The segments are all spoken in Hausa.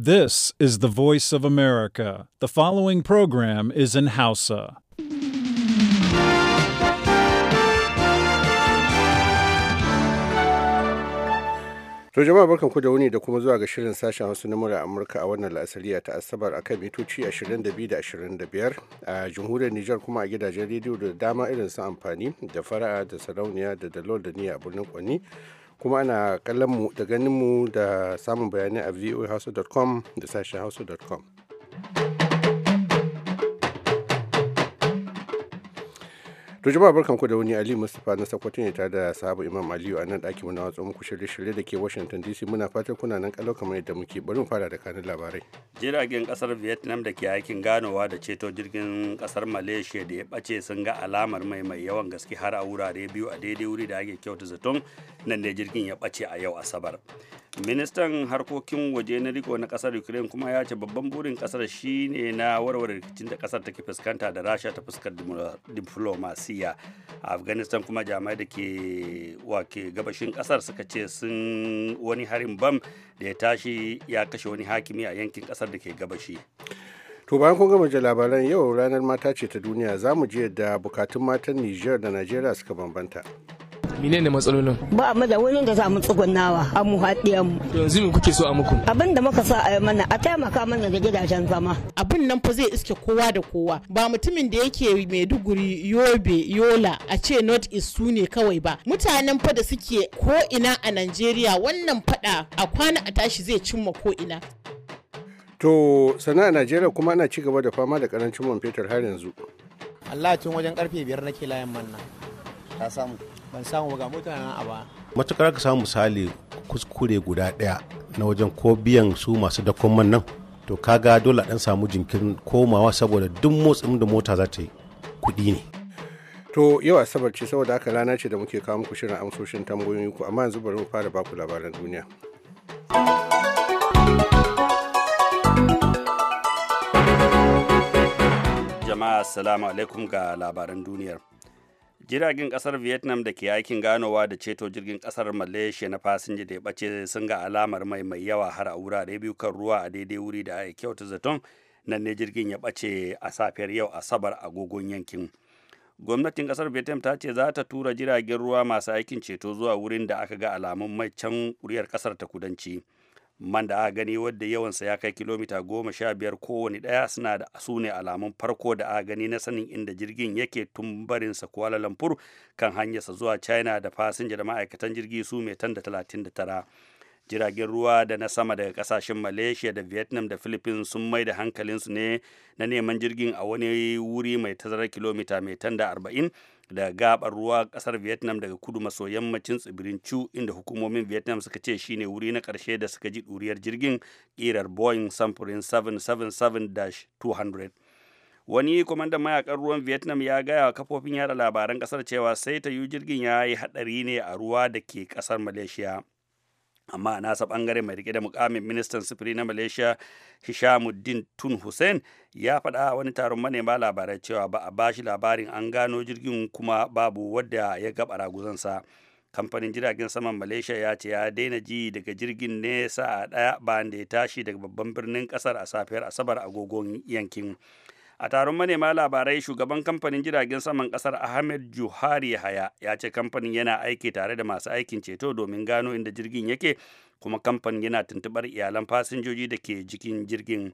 This is the voice of America. The following program is in Hausa. To jama'a barkan ku da wuni da kuma zuwa ga shirin sashen Hausa na mura Amurka a wannan la'asariya ta Asabar a kan mitoci 22 da 25 a jamhuriyar Nijar kuma a gidajen rediyo da dama irin su amfani da fara'a da sarauniya da dalol da niyya a birnin Kwani kuma ana kallon mu da ganin mu da samun bayanai a voahouse.com da sashen hausa.com. to jama'a barkan ku da wani ali mustapha na sakwato ne tare da sahabu imam aliyu a nan ɗakin muna watsa muku shirye-shirye da ke washington dc muna fatan kuna nan kalau kamar yadda muke bari mu fara da kanin labarai jiragen kasar vietnam da ke aikin ganowa da ceto jirgin kasar malaysia da ya bace sun ga alamar mai mai yawan gaske har a wurare biyu a daidai wuri da ake kyauta zaton nan ne jirgin ya bace a yau asabar ministan harkokin waje na riko na kasar ukraine kuma ya ce babban burin kasar shine na warware rikicin da kasar take fuskanta da rasha ta fuskar diplomasi asiya a afghanistan kuma jami'ai da ke wake gabashin kasar suka ce sun wani harin bam da ya tashi ya kashe wani hakimi a yankin kasar da ke gabashi to bayan kun gama labaran yau ranar mata ce ta duniya za mu je da bukatun matan niger da najeriya suka bambanta menene matsalolin ba mu da wurin da za mu tsugunnawa a mu mu yanzu me kuke so a muku abin da muka sa a yi mana a taimaka mana da gidajen zama abin nan fa zai iske kowa da kowa ba mutumin da yake maiduguri yobe yola a ce north east su ne kawai ba mutanen fa da suke ko ina a najeriya wannan faɗa a kwana a tashi zai cimma ko ina to sana a najeriya kuma ana ci gaba da fama da karancin man fetur har yanzu Allah tun wajen karfe biyar nake layan manna ka samu ban samu ga ka samu misali kuskure guda daya na wajen ko biyan su masu dakon man nan to kaga dole dan samu jinkirin komawa saboda duk motsin da mota za ta yi kuɗi ne to yau asabar ce saboda haka rana ce da muke kawo muku shirin amsoshin tambayoyin ku amma yanzu bari mu fara baku labaran duniya jama'a assalamu alaikum ga labaran duniyar jiragen kasar vietnam da ke aikin ganowa da ceto jirgin kasar malaysia na fasinja da ya bace sun ga alamar mai mai yawa har a wurare biyu kan ruwa a daidai wuri da ake kyauta zaton nan ne jirgin ya bace a safiyar yau asabar agogon yankin gwamnatin kasar vietnam ta ce za ta tura jiragen ruwa masu aikin ceto zuwa wurin da aka ga alamun mai can kuriyar kasar ta kudanci man da aka gani wadda yawansa ya kai kilomita goma sha biyar kowane ɗaya suna da su ne alamun farko da aka gani na sanin inda jirgin yake tun barinsa Kuala Lumpur kan hanyarsa zuwa China da fasinja da ma'aikatan jirgi su mai tan da talatin da tara. Jiragen ruwa da na sama daga kasashen Malaysia da Vietnam da Philippines sun mai da hankalinsu ne na neman jirgin a wani wuri mai tazarar kilomita mai tan da arba'in da gabar ruwa kasar vietnam daga kudu maso yammacin tsibirin chu inda hukumomin vietnam suka ce shine wuri na karshe da suka ji duriyar jirgin ƙirar boeing samfurin 777-200 wani kwamandan mayakan ruwan vietnam ya gaya wa kafofin yada labaran kasar cewa sai ta yi jirgin ya yi hadari ne a ruwa da ke ƙasar malaysia amma a nasa bangare mai rike da mukamin ministan sufuri na malaysia hishamuddin tun hussein ya faɗa wani taron manema labarai cewa ba a bashi labarin an gano jirgin kuma babu wadda ya gaba raguzansa kamfanin jiragen saman malaysia ya ce ya daina ji daga jirgin ne sa'a ɗaya bayan da ya tashi daga babban birnin kasar a safiyar asabar agogon yankin a taron manema labarai shugaban kamfanin jiragen saman kasar ahmed juhari haya ya ce kamfanin yana aiki tare da masu aikin ceto domin gano inda jirgin yake kuma kamfanin yana tuntubar iyalan fasinjoji da ke jikin jirgin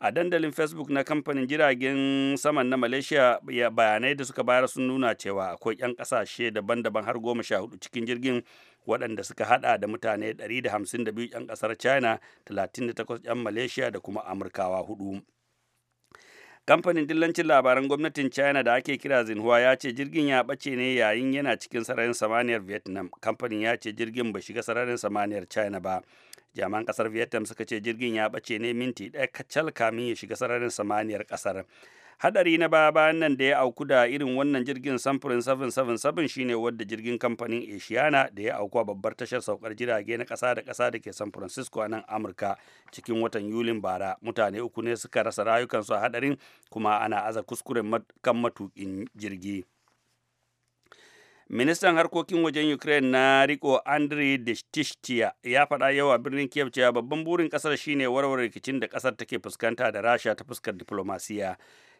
a dandalin facebook na kamfanin jiragen saman na malaysia bayanai da suka bayar sun nuna cewa akwai 'yan kasashe daban-daban har goma sha hudu cikin jirgin waɗanda suka hada da mutane 152 'yan kasar china 38 'yan malaysia da kuma amurkawa hudu kamfanin dillancin labaran gwamnatin china da ake kira zinhua ya ce jirgin ya bace ne yayin yana cikin sararin samaniyar vietnam kamfanin ya ce jirgin ba shiga sararin samaniyar china ba jaman kasar vietnam suka ce jirgin ya ɓace ne minti ɗaya kacal kamin ya shiga sararin samaniyar kasar hadari na baya bayan nan da ya auku da irin wannan jirgin samfurin 777 shine wadda jirgin kamfanin asiana da ya auku a babbar tashar saukar jirage na kasa da kasa da ke san francisco a nan amurka cikin watan yulin bara mutane uku ne suka rasa rayukansu a hadarin kuma ana aza kuskuren kan matukin jirgi ministan harkokin wajen ukraine na riko andriy deshtishtya ya faɗa yau a birnin kiev cewa babban burin ƙasar shine warware rikicin da ƙasar take fuskanta da rasha ta fuskar diplomasiya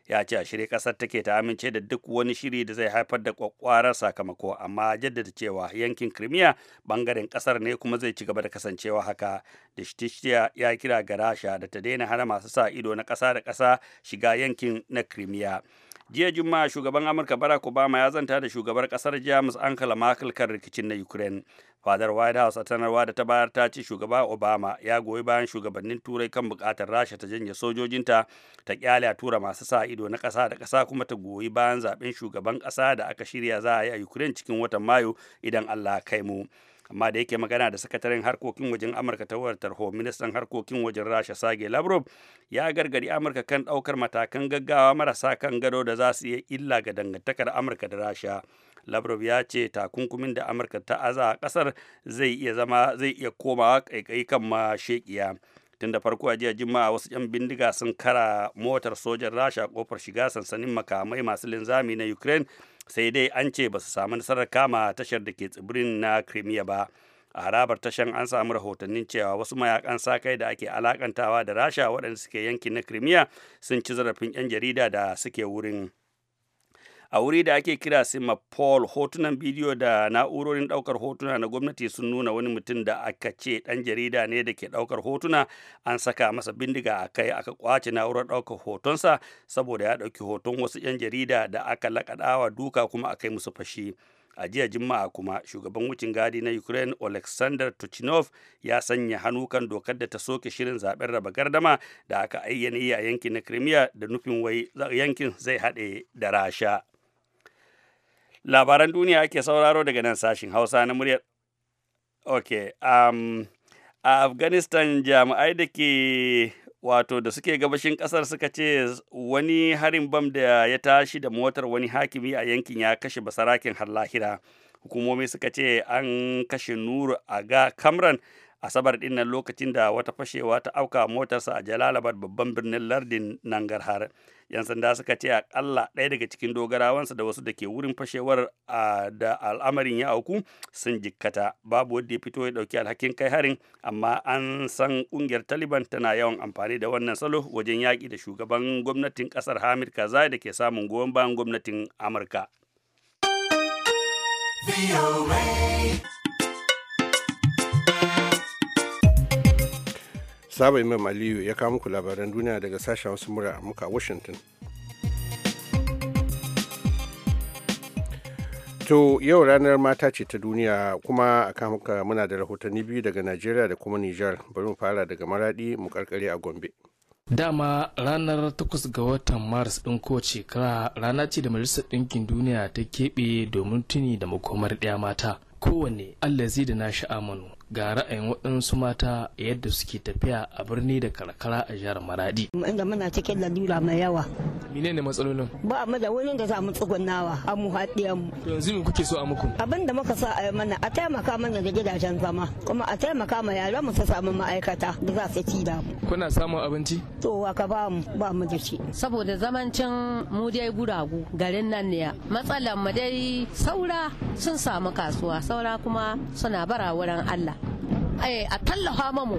ya ce a shirye kasar take ta amince da duk wani shiri da zai haifar da kwakwarar sakamako amma jaddada cewa yankin kirimiya bangaren kasar ne kuma zai ci gaba da kasancewa haka da ya kira ga rasha da ta daina hana masu sa ido na kasa da kasa shiga yankin na kirimiya jiya juma'a shugaban amurka barack obama ya zanta da shugabar kasar jamus angela merkel kan rikicin na ukraine fadar white house a sanarwa da ta bayar ta ce shugaba obama ya goyi bayan shugabannin turai kan bukatar rasha ta janye sojojinta ta kyale a tura masu sa ido na kasa da kasa kuma ta goyi bayan zaben shugaban kasa da aka shirya za a yi a ukraine cikin watan mayu idan allah kai mu amma da yake magana da sakataren harkokin wajen amurka ta wayar tarho ministan harkokin wajen rasha sage lavrov ya gargadi amurka kan daukar matakan gaggawa marasa kan gado da za su iya illa ga dangantakar amurka da rasha lavrov ya ce takunkumin da amurka ta aza a kasar zai iya zama zai iya komawa kaikai kan mashekiya tun da farko a jiya juma'a wasu 'yan bindiga sun kara motar sojan rasha kofar shiga sansanin makamai masu linzami na ukraine sai dai an ce ba su samu nasarar kama tashar da ke tsibirin na crimea ba a harabar tashan an samu rahotannin cewa wasu mayakan sakai da ake alakantawa da rasha waɗanda suke yankin na crimea sun ci zarafin 'yan jarida da suke wurin a wuri da ake kira sima paul hotunan bidiyo da na'urorin daukar hotuna na gwamnati sun nuna wani mutum da aka ce dan jarida ne da ke daukar hotuna an saka masa bindiga a kai aka kwace na'urar daukar hotonsa saboda ya dauki hoton wasu yan jarida da aka lakadawa duka kuma a kai musu fashi a jiya juma'a kuma shugaban wucin gadi na ukraine alexander tuchinov ya sanya hannu kan dokar da ta soke shirin zaben raba gardama da aka ayyana a yankin na crimea da nufin wai yankin zai haɗe da rasha labaran duniya ake sauraro daga nan sashin hausa na muryar ok um, a afghanistan jami'ai da ke wato da suke gabashin kasar suka ce wani harin bam da ya tashi da motar wani hakimi a yankin ya kashe basarakin har lahira hukumomi suka ce an kashe nuru aga kamran asabar din nan lokacin da wata fashewa ta auka motarsa a jalalabad babban birnin lardin nangarhar yan sanda suka ce akalla ɗaya daga cikin dogarawansa da wasu da ke wurin fashewar da al'amarin ya auku sun jikkata babu wanda ya fito ya ɗauki alhakin kai harin amma an san ƙungiyar taliban tana yawan amfani da wannan salo wajen yaƙi da shugaban gwamnatin ƙasar hamid karzai da ke samun goyon bayan gwamnatin amurka Saba Imam Aliyu ya kawo muku labaran duniya daga sashen wasu mura muka Washington. To yau ranar mata ce ta duniya kuma a muka muna da rahotanni biyu daga Najeriya da kuma Nijar bari mu fara daga Maradi mu karkare a Gombe. Dama ranar 8 ga watan Maris ɗin ko shekara rana ce da Majalisar Ɗinkin Duniya ta keɓe domin tuni da makomar ɗaya mata. Kowanne Allah zai da nashi amanu ga ra'ayin waɗansu mata yadda suke tafiya a birni da karkara a jihar maradi inda muna cikin lalura mai yawa menene matsalolin ba a da wurin da za mu tsugunawa a mu haɗiya mu yanzu me kuke so a muku abin da muka sa a mana a taimaka mana da gidajen zama kuma a taimaka ma yaran mu su samu ma'aikata da za su ci da mu kuna samun abinci to wa ka ba mu ba mu da shi saboda zamancin mu dai guragu garin nan ne matsalar mu dai saura sun samu kasuwa saura kuma suna bara wurin Allah Eh, a tallafa mamu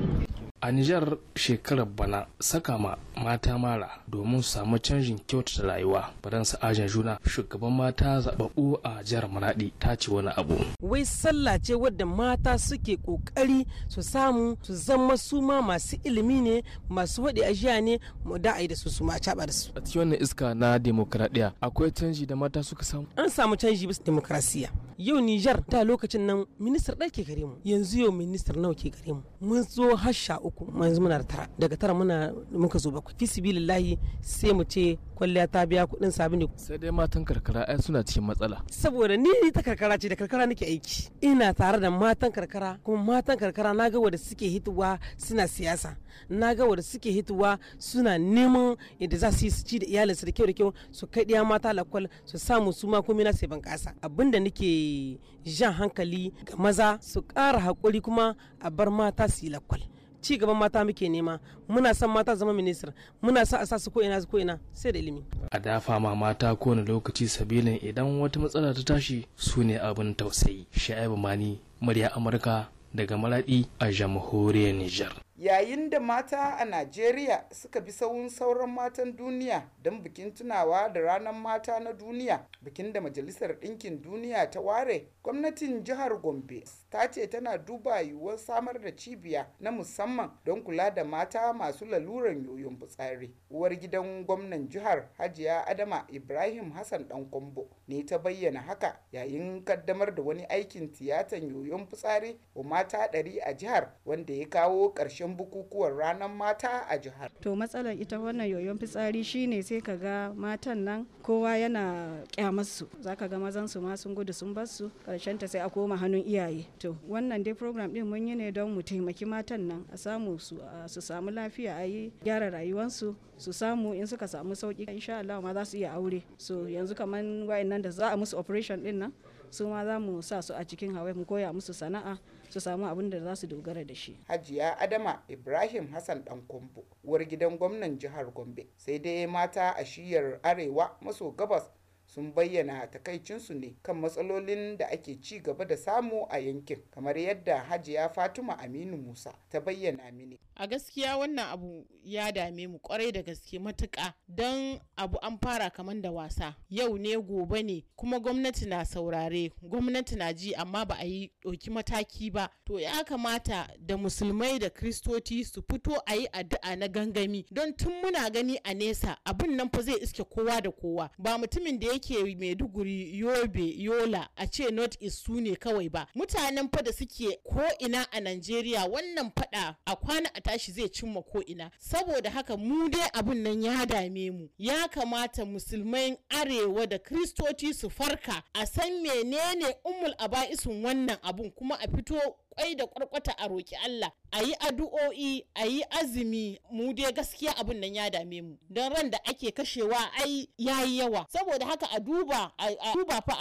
a Nijar shekarar bana sakama mata mara domin samu canjin kyautata rayuwa faransa ajan juna shugaban mata zababu a jihar maradi ta ci wani abu wai sallah ce wadda mata suke kokari su samu su zama su ma masu ilimi ne masu wadi ajiya ne mu da da su su ma caɓa da su a cikin wannan iska na demokradiya akwai canji da mata suka samu an samu canji bisa demokrasiya yau Nijar ta lokacin nan ministar ɗaya ke gare mu yanzu yau ministar nawa ke gare mu mun zo hasha sha uku yanzu muna da tara daga tara muna muka zo bakwai fi sibilillahi sai mu ce kwalliya ta biya kuɗin ne. sai dai matan karkara ai suna cikin matsala saboda ni ta karkara ce da karkara nake aiki ina tare da matan karkara kuma matan karkara na ga wanda suke hituwa suna siyasa na ga wanda suke hituwa suna neman yadda za su yi su ci da iyalinsu da kyau da kyau su kai ɗiya mata lakwal su samu su ma komai na sai ban kasa abinda nake jan hankali ga maza su ƙara haƙuri kuma a bar mata su yi lakwal ci gaban mata muke nema muna son mata zama minista muna sa a sa su ko'ina ina koina sai da ilimi a dafa ma mata kowane lokaci sabilin idan wata matsala ta tashi su ne abin tausayi sha'ibu mani murya amurka daga Maraɗi a jamhuriyar Nijar. yayin da mata a Najeriya suka bi sauran sauran matan duniya don bikin tunawa da ranar mata na duniya bikin da Majalisar Ɗinkin Duniya ta ware, gwamnatin jihar Gombe ta ce tana duba yiwuwar samar da cibiya na musamman don kula da mata masu laluran yoyon fitsari. Uwar gidan gwamnan jihar Hajiya Adama Ibrahim Hassan Dan Kombo ne ta bayyana haka yayin kaddamar da wani aikin tiyatan yoyon fitsari wa mata ɗari a jihar wanda ya kawo ƙarshen lokacin bukukuwan ranar mata a jihar. To matsalar ita wannan yoyon fitsari shine sai ka ga matan nan kowa yana kyamarsu za ka ga mazan su ma sun gudu sun bar su karshen ta sai a koma hannun iyaye. To wannan dai program din mun yi ne don mu taimaki matan nan a samu su su samu lafiya a yi gyara rayuwarsu su samu in suka samu sauki insha Allah ma za su iya aure. So yanzu kaman wayannan da za a musu operation din nan su ma za mu sa su a cikin hawaii mu koya musu sana'a su samu abin da za su dogara da shi hajiya adama ibrahim hassan dan kumbu uwar gidan gwamnan jihar gombe sai dai mata a shiyar arewa maso gabas sun bayyana takaicinsu ne kan matsalolin da ake ci gaba da samu a yankin kamar yadda hajiya fatima aminu musa ta bayyana mini a gaskiya wannan abu ya dame mu kwarai da gaske matuka don abu an fara kamar da wasa yau ne gobe ne kuma gwamnati na saurare gwamnati na ji amma ba a yi ɗauki mataki ba to ya kamata da musulmai da kristoci su fito a yi addu'a na gangami don tun muna gani a nesa abin nan fa zai iske kowa da kowa ba mutumin da ya yake maiduguri yobe yola a ce north east su ne kawai ba mutanen fa da suke ko ina a najeriya wannan fada a kwana a tashi zai cimma ko ina saboda haka mu dai abun nan ya dame mu ya kamata musulmai arewa da kristoci su farka a san menene umul aba'isun wannan abun kuma a fito kwai da kwarkwata a roki Allah a yi addu'o'i a yi azumi mu dai gaskiya abin nan ya dame mu don ran da ake kashewa ai yayi yawa saboda haka a duba a duba fa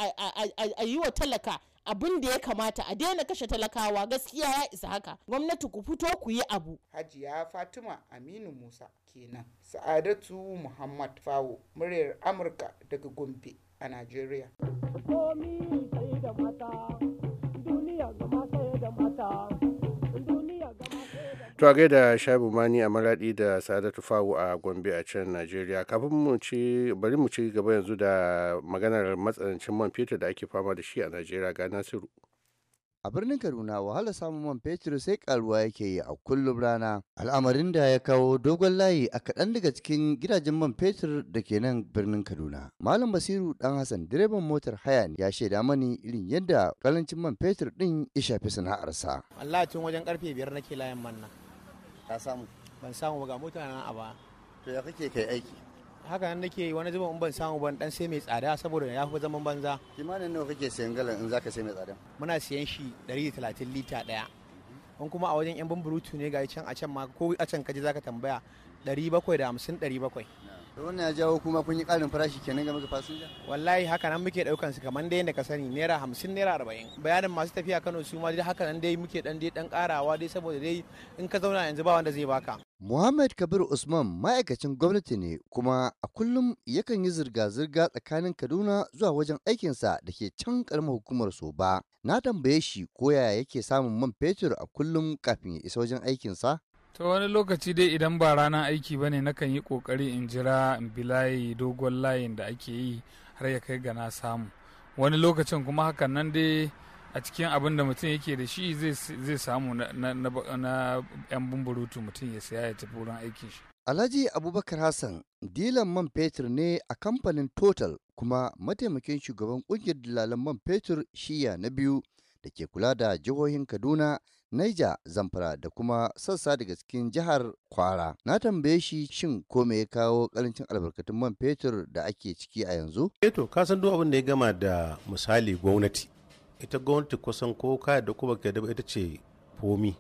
a yi wa talaka abin da ya kamata a daina kashe talakawa gaskiya ya isa haka gwamnati ku fito ku yi abu hajiya fatima aminu musa kenan sa'adatu muhammad fawo muryar amurka daga gombe a najeriya komi sai da mata duniya ga mata to a gaida shabu mani a maraɗi da sadatu tufawu a gombe a can najeriya kafin mu ci bari mu ci gaba yanzu da maganar matsanancin man fetur da ake fama da shi a najeriya ga nasiru A birnin Kaduna wahala samun man fetur sai karuwa yake yi a kullum rana. Al'amarin da ya kawo dogon layi a kaɗan daga cikin gidajen man fetur da ke nan birnin Kaduna. Malam Basiru Dan Hassan direban motar haya ne ya shaida mani irin yadda kalancin man fetur ɗin ya shafi sana'arsa. Allah tun wajen karfe biyar nake layin manna. Ka samu? Ban samu ba ga mota na a ba. To ya kake kai aiki? haka nan nake wani zuba in ban samu ban dan sai mai tsada saboda ya fi zaman banza kimanin nawa kake sayan galan in zaka sai mai tsada muna siyan shi 130 lita daya in kuma a wajen yan bamburutu ne ga can a can ma ko a can kaje zaka tambaya 750 700 da wannan ya jawo kuma kun yi karin farashi kenan ga ga fasinja wallahi haka nan muke ɗaukan su kamar dai yadda ka sani naira hamsin naira arba'in bayanin masu tafiya kano su ma dai haka nan dai muke ɗan dai ɗan karawa dai saboda dai in ka zauna yanzu ba wanda zai baka Muhammad Kabir Usman ma'aikacin gwamnati ne kuma a kullum yakan yi zirga-zirga tsakanin Kaduna zuwa wajen aikinsa da ke can karamar hukumar Soba. Na tambaye shi ko yaya yake samun man fetur a kullum kafin ya isa wajen aikinsa ta wani lokaci dai idan ba ranar aiki ba ne nakan yi kokari in jira in bi layi dogon layin da ake yi har ya kai ga na samu wani lokacin kuma hakan nan dai a cikin abin da mutum yake da shi zai samu na 'yan bumburutu mutum ya saya ya tafi wurin aikin shi Alhaji Abubakar Hassan dilan man fetur ne a kamfanin Total kuma mataimakin shugaban kungiyar dilalan man fetur shiya na biyu da ke kula da jihohin Kaduna Naija, Zamfara da kuma sassa daga cikin jihar Kwara. Na tambaye shi shin ko me ya kawo karancin albarkatun man fetur da ake ciki a yanzu? Eh to, ka san duk abin da ya gama da misali gwamnati. Ita gwamnati kusan ko ka da kuma ka ita ce fomi.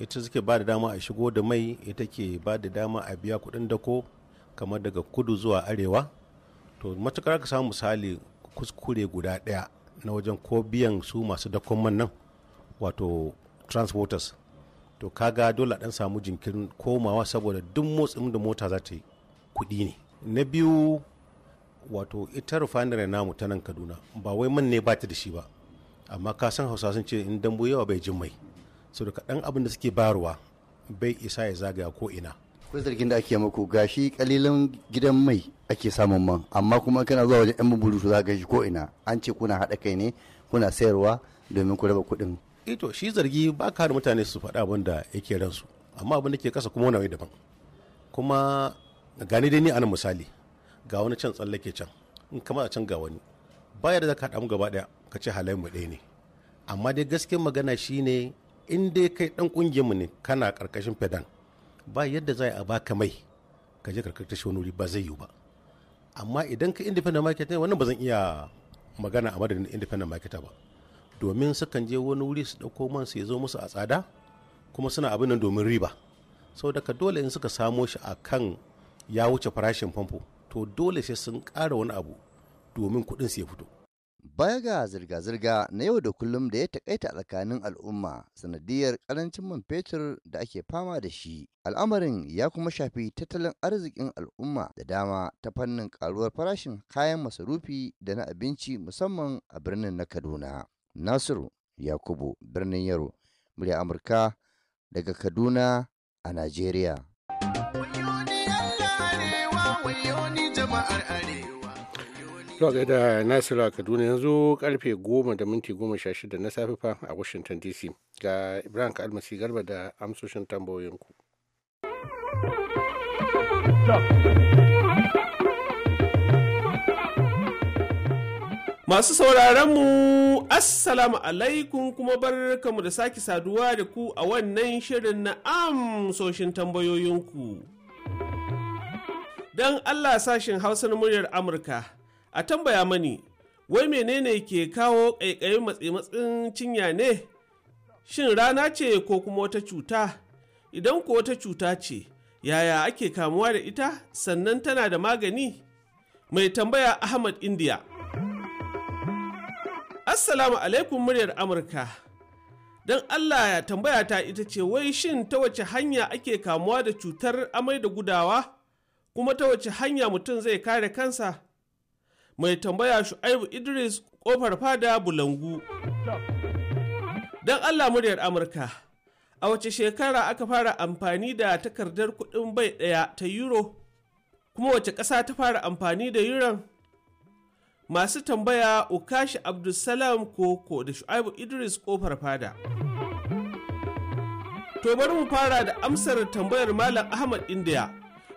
Ita suke ba da dama a shigo da mai, ita ke ba da dama a biya kuɗin dako kamar daga kudu zuwa arewa. To, matukar ka samu misali kuskure guda ɗaya na wajen ko biyan su masu dakon man nan. wato transporters to kaga dole a dan samu jinkirin komawa saboda duk motsin da mota za ta yi kuɗi ne na biyu wato ita refinery namu ta nan kaduna ba wai man ne ba ta da shi ba amma ka san hausa sun ce in dambu yawa bai jin mai saboda kaɗan abin da suke bayarwa bai isa ya zagaya ko ina akwai zargin da ake muku gashi kalilan gidan mai ake samun man amma kuma kana zuwa wajen yan burutu za ka ko ina an ce kuna haɗa kai ne kuna sayarwa domin ku raba kuɗin ito eh shi zargi ba ka da mutane su faɗa abin da yake ransu amma abin da ke kasa kuma wani daban kuma gani dai ni anan misali ga wani can tsallake can in kama a can ga wani baya da ka haɗa mu gaba ɗaya ka ce halayen mu ɗaya ne amma dai gaskiyar magana shi ne in dai kai ɗan ƙungiyar mu ne kana ƙarƙashin fedan ba yadda za a baka mai ka je karkata shi wani wuri ba zai yiwu ba amma idan ka independent market ne wannan ba zan iya magana a madadin independent marketer ba domin sukan je wani wuri su ɗauko man su zo musu a tsada kuma suna abin nan domin riba sau daga dole in suka samo shi a kan ya wuce farashin famfo to dole sai sun ƙara wani abu domin kuɗin su ya fito baya ga zirga-zirga na yau da kullum da ya takaita tsakanin al'umma sanadiyar karancin man fetur da ake fama da shi al'amarin ya kuma shafi tattalin arzikin al'umma da dama ta fannin karuwar farashin kayan masarufi da na abinci musamman a birnin na kaduna Nasiru Yakubu birnin Yaro, murya Amurka daga Kaduna a Najeriya. Zuwa da Nasiru a Kaduna yanzu karfe goma da minti goma sha shida na safe fa a Washington DC ga Ibrahim Kalmasi Garba da amsoshin tambayoyinku. Masu sauraronmu, Assalamu alaikum kuma barkamu da sake saduwa da ku a wannan shirin na amsoshin tambayoyinku. Don Allah sashen Hausa na muryar Amurka, a tambaya mani, wai menene ke kawo ƙaiƙayin matsi-matsin cinya ne? Shin rana ce ko kuma wata cuta? Idan ko wata cuta ce, yaya ake kamuwa da ita sannan tana da magani? Mai tambaya Ahmad India. Assalamu alaikum muryar Amurka. Don Allah ya tambaya ta ita ce wai shin ta wace hanya ake kamuwa da cutar amai da gudawa kuma ta wace hanya mutum zai kare kansa? Mai tambaya Shu'aibu Idris kofar fada Bulangu. Don Allah muryar Amurka. A wace shekara aka fara amfani da takardar kuɗin bai ɗaya ta euro? Kuma wace ƙasa ta fara amfani da yuron? masu tambaya Ukashi Abdulsalam Koko da Shu'aibu Idris Kofar Fada. To bari mu fara da amsar tambayar Malam Ahmad India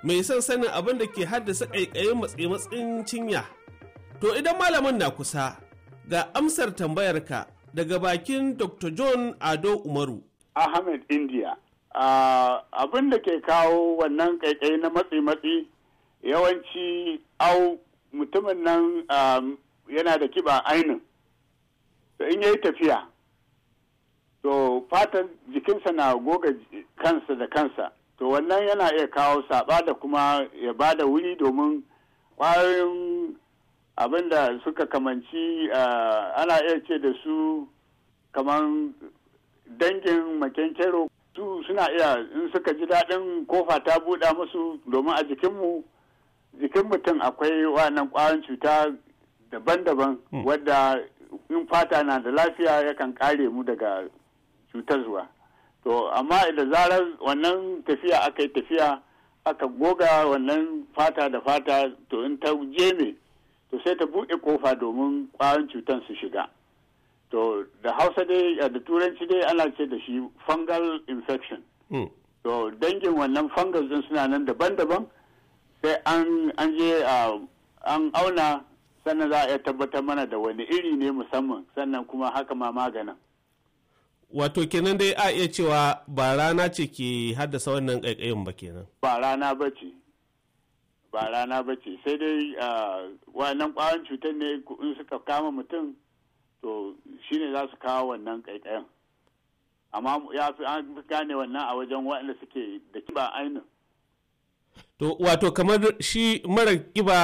mai son sanin abin da ke haddasa ƙaiƙayin matsi matsin cinya. To idan malamin na kusa ga amsar tambayarka daga bakin Dr. John Ado Umaru. Ahmed India. abin da ke kawo wannan kaikai na matsi-matsi yawanci au mutumin nan um, yana da kiba ainin to in yi tafiya to fatan jikinsa na goga kansa da kansa to wannan yana iya kawo saba da kuma ya ba da wuri domin kwayoyin abin suka kamanci uh, ana iya ce da su kamar dangin makenkero su suna iya in suka ji daɗin kofa ta buɗa musu domin a jikinmu jikin mutum akwai wannan kwayan cuta daban-daban hmm. wadda in fata na da lafiya yakan kare mu daga cutar zuwa to amma da zarar wannan tafiya aka yi tafiya aka goga wannan fata da fata to in ta ne to sai ta buɗe kofa domin kwayan cutar su shiga to da hausa dai da turanci dai ana ce da shi fungal infection hmm. to dangin wannan fungal din suna nan daban-daban sai an je an auna sannan za a iya tabbatar mana da wani iri ne musamman sannan kuma haka ma maganin. Wato kenan dai a iya cewa ba rana ce ke haddasa wannan ƙaiƙayin ba kenan. Ba rana ba ce. Ba rana ba ce sai dai wannan ƙwayan cutar ne in suka kama mutum to shi ne za su kawo wannan ƙaiƙayin. Amma ya fi an gane wannan a wajen waɗanda suke da ba ainihin. To wato kamar shi mara kiba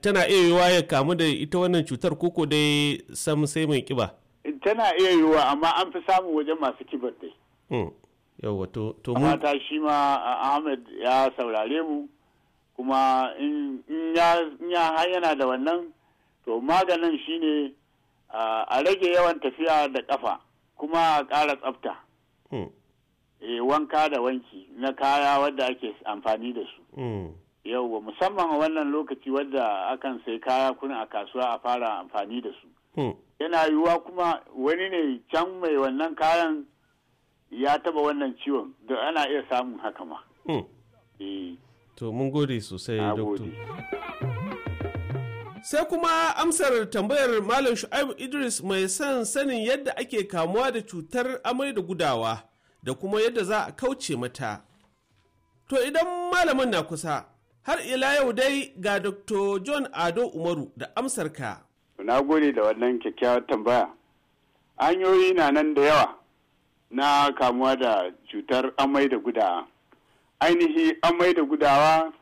tana iya yiwuwa ya kamu da ita wannan cutar koko dai sam sai mai kiba. Tana iya yiwuwa amma an fi samun wajen masu kibar dai. Hmm. Yawwa to to mu. ta shi ma Ahmed ya saurare mu kuma in ya yana da wannan to maganin shine a rage yawan tafiya da kafa kuma a ƙara tsafta. Hmm. e, wanka da wanki na kaya wadda ake amfani da su. Mm. Yauwa musamman a wannan lokaci wadda akan sai kaya kuna a kasuwa a fara amfani da su. Mm. Yana yiwuwa kuma wani ne can mai wannan kayan ya taba wannan ciwon da ana iya samun haka ma. Mm. Eh. To mun gode sosai Sai kuma amsar tambayar Malam Shu'aibu Idris mai son sanin yadda ake kamuwa da cutar amai da gudawa. da kuma yadda za a kauce mata. To idan malamin na kusa, har ila yau dai ga Dr. John Ado Umaru da amsarka. Na gode da wannan kyakkyawar tambaya. Hanyoyi na nan da yawa na kamuwa da cutar amai da gudawa. Ainihi amai da gudawa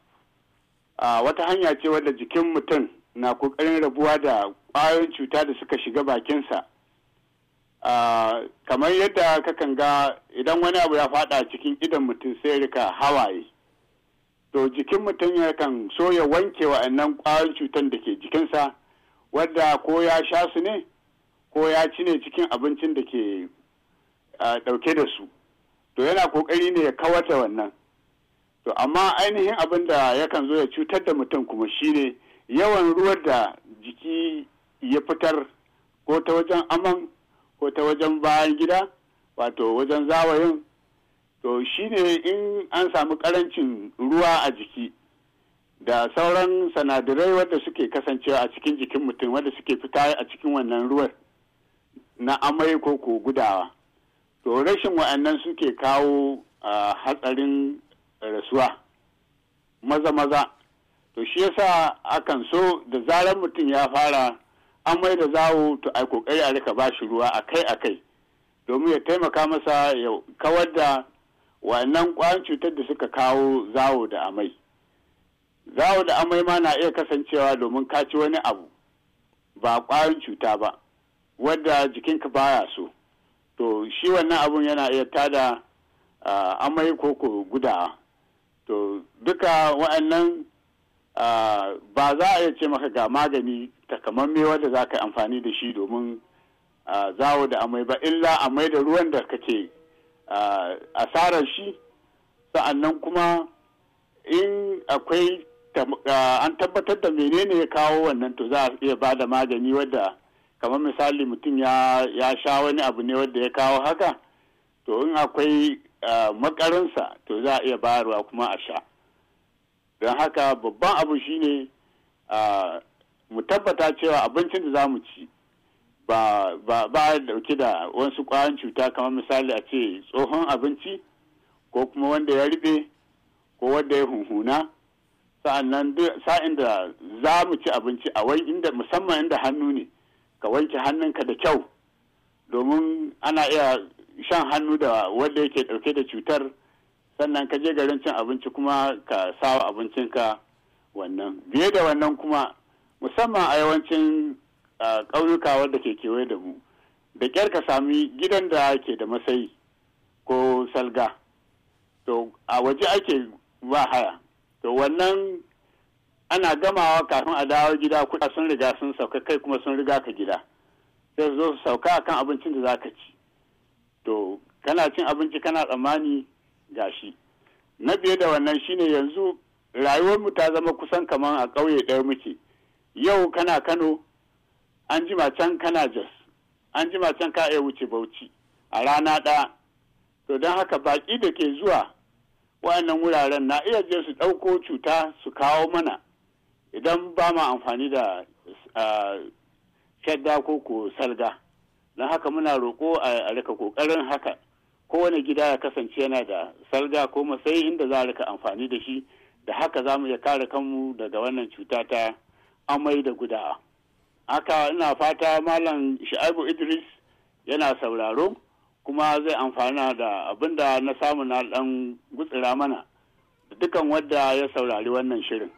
a wata hanya ce wadda jikin mutum na kokarin rabuwa da ƙwayoyin cuta da suka shiga bakinsa Ah, kamar yadda kakan ga idan wani abu ya fada cikin idan mutum sai rika hawaye to jikin mutum ya kan so ya wanke wa'annan kwayoyin cutar da ke jikinsa wadda ko ya sha su ne ko ya ci ne cikin abincin da ke ah, ɗauke da su to yana kokari ne ya kawata wannan to amma ainihin abin da yakan zo ya cutar da mutum kuma shine yawan ruwan da jiki ya fitar ko ta wajen aman ko ta wajen bayan gida wato wajen zawayin to shine in an samu karancin ruwa a jiki da sauran sanadirai wadda suke kasancewa a cikin jikin mutum wadda suke fita a cikin wannan ruwan na amai ko ko gudawa to rashin wa'annan suke kawo hatsarin rasuwa maza-maza to shi yasa akan so da zarar mutum ya fara an mai da zawo to a kokari a rika bashi ruwa akai akai domin ya taimaka masa ya kawar da wannan kwan cutar da suka kawo zawo da amai zawo da amai ma na iya kasancewa domin ka ci wani abu ba kwayan cuta ba wadda jikinka baya so to shi wannan abun yana iya tada amai ko ko gudawa to duka wa'annan ba za a iya ce maka ga magani takamamme wanda za ka amfani da shi domin zawo da amai ba illa amai da ruwan da kake asarar shi sa'annan kuma in akwai an tabbatar da menene ya kawo wannan to za a iya ba da magani wadda kamar misali mutum ya sha wani abu ne wadda ya kawo haka to in akwai makarinsa to za a iya bayarwa kuma a sha don haka babban abu shine mu tabbata cewa abincin da za mu ci ba ba ba dauke da wasu kwayan cuta kamar misali a ce tsohon abinci ko kuma wanda ya ribe ko wanda ya hunhuna sa'annan sa'in da za mu ci abinci a wani inda musamman inda hannu ne ka wanke hannunka da kyau domin ana iya shan hannu da wanda yake dauke da cutar sannan ka je garin cin abinci kuma ka sawa abincinka wannan biye da wannan kuma musamman a yawancin ƙauyuka wanda ke kewaye da mu da ƙyar ka sami gidan da ke da masai ko salga to a waje ake ba haya to wannan ana gamawa kafin a dawo gida kuɗa sun riga sun sauka kai kuma sun riga ka gida sai zo su sauka a kan abincin da za ka ci to kana cin abinci kana tsammani gashi na biye da wannan shine yanzu rayuwar mu ta zama kusan kaman a ƙauye ɗaya muke yau kana kano an jima can kana jos an jima can ka iya wuce bauchi a rana ɗaya to don haka baƙi da ke zuwa wa'annan wuraren na iya je su ɗauko cuta su kawo mana idan ba ma amfani da shadda ko ko salga don haka muna roƙo a rika ƙoƙarin haka kowane gida ya kasance yana da salga ko masai inda za a rika amfani da shi da haka za mu iya kare kanmu daga wannan cuta ta amai da guda haka ina fata malam sha'ibu idris yana sauraro kuma zai amfana da abin da na samu na ɗan gutsira mana da dukan wadda ya saurari wannan shirin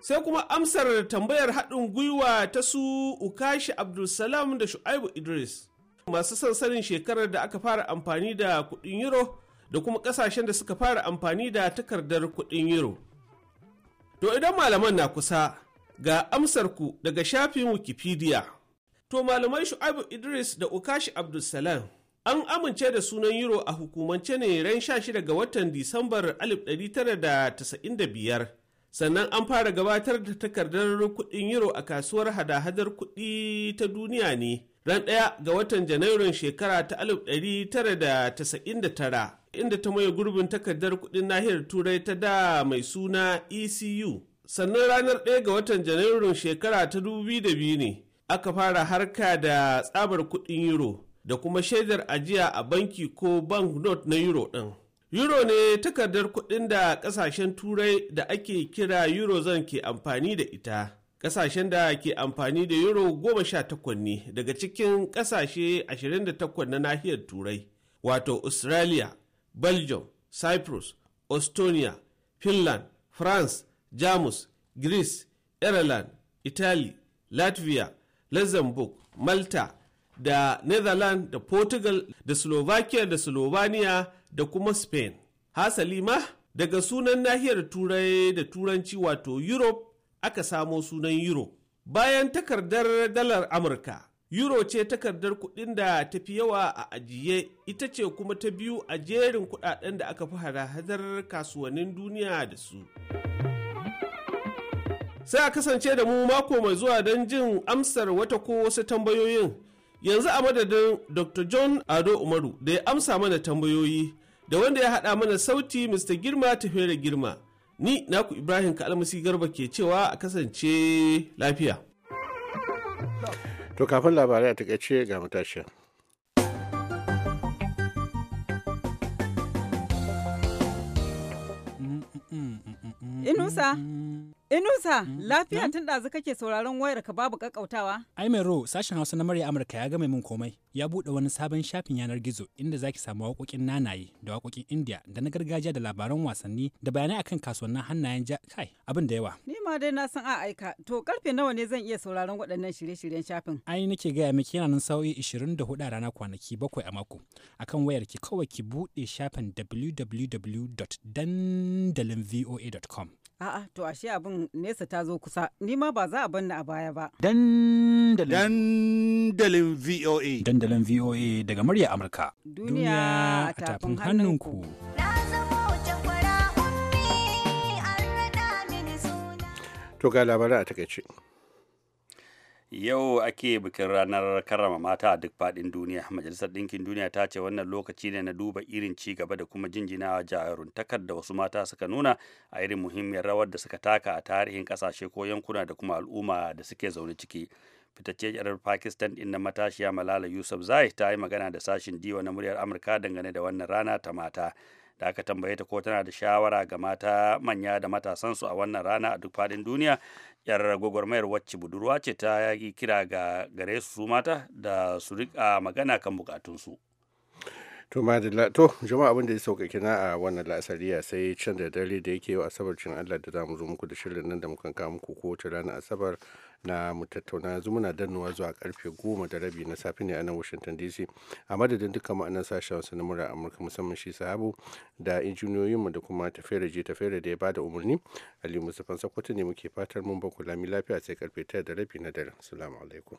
sai kuma amsar tambayar haɗin gwiwa ta su ukashi abdulsalam da shu'aibu idris masu sansanin shekarar da aka fara amfani da kuɗin euro da kuma ƙasashen da suka fara amfani da takardar kuɗin euro To idan malaman na kusa ga amsarku daga shafin Wikipedia. To malamai Shu'aibu Idris da Ukashi Abdulsalam an amince da sunan Euro a hukumance ne ran 16 ga watan Disambar 1995. Sannan an fara gabatar da takardar kuɗin Euro a kasuwar hada-hadar kuɗi ta duniya ne ran ɗaya ga watan janairun shekara ta 1999 inda ta maye gurbin takardar kudin nahiyar turai ta da mai suna ecu sannan ranar ɗaya ga watan janairun shekara ta 2002 ne aka fara harka da tsabar kudin euro da kuma shaidar ajiya a banki ko banknote na euro ɗin euro ne takardar kudin da ƙasashen turai da ake kira eurozone ke amfani da ita Ƙasashen da ke amfani da euro goma sha takwas ne daga cikin ƙasashe 28 na nahiyar Turai, wato Australia, Belgium, Cyprus, Estonia, Finland, France, Jamus, Greece, Ireland, Italy, Latvia, Luxembourg, Malta, da Netherlands da Portugal da Slovakia da Slovenia da kuma Spain. Hasali ma daga sunan nahiyar Turai da Turanci wato Europe aka samo sunan euro bayan takardar dalar amurka euro ce takardar kuɗin da ta fi yawa a ajiye ita ce kuma ta biyu a jerin kuɗaɗen da aka fi hada-hadar kasuwannin duniya da su sai a kasance da mu mako mai zuwa don jin amsar wata ko wasu tambayoyin yanzu a madadin dr john ado umaru da ya amsa mana tambayoyi da wanda ya haɗa mana sauti mr girma tafere girma Ni naku Ibrahim Kalmasi Garba ke cewa a kasance lafiya. To kafin labarai a takaice ga matashiya. Inusa. Inusa, mm, mm. lafiya tun ɗazu kake sauraron wayar ka babu kakautawa. Ai mai ro, sashen Hausa na murya Amurka ya gama min komai. Ya buɗe wani sabon shafin yanar gizo inda zaki samu waƙoƙin nanaye da waƙoƙin India da na gargajiya da labaran wasanni da bayanai akan kasuwannin hannayen ja kai abin da yawa. Ni ma dai na san a aika. To karfe nawa ne zan iya sauraron waɗannan shirye-shiryen shafin? Ai nake gaya miki yana nan sa'o'i 24 a rana kwanaki bakwai a mako. Akan wayar ki kawai ki buɗe shafin www.dandalinvoa.com. A'a to ashe abin nesa ta zo kusa ni ma ba za a banna a baya ba. Dandalin Dandalin VOA Dandalin VOA daga murya Amurka. Duniya a tafin hannunku. To ga labarai a takaice. yau ake bikin ranar karrama mata a duk faɗin duniya majalisar ɗinkin duniya ta ce wannan lokaci ne na duba irin ci gaba da kuma jinjina jaruntakar da wasu mata suka nuna a irin muhimmiyar rawar da suka taka a tarihin ƙasashe ko yankuna da kuma al'umma da suke zaune ciki fitacce jarar pakistan din na matashiya malala yusuf zai ta yi magana da sashin diwa na muryar amurka dangane da wannan rana ta mata da aka tambaye ta ko tana da shawara ga mata manya da matasansu a wannan rana a duk faɗin duniya yar gwagwarmayar wacce budurwa ce ta yi kira ga gare su mata da su rika magana kan bukatunsu to madalla to jama'a abin da ya sauka kina a wannan la'asariya sai can da dare da yake yau asabar cin allah da za mu zo muku da shirin nan da muka kawo muku kowace ranar asabar na mu tattauna muna danuwa zuwa karfe goma da rabi na safe ne a nan washington dc a madadin duka ma'anar sashen wasu na mura amurka musamman shi sahabu da injiniyoyinmu da kuma tafere je tafere da ya bada umarni ali musufan sakwato ne muke fatar mun baku lami lafiya sai karfe tara da rabi na dare assalamu alaikum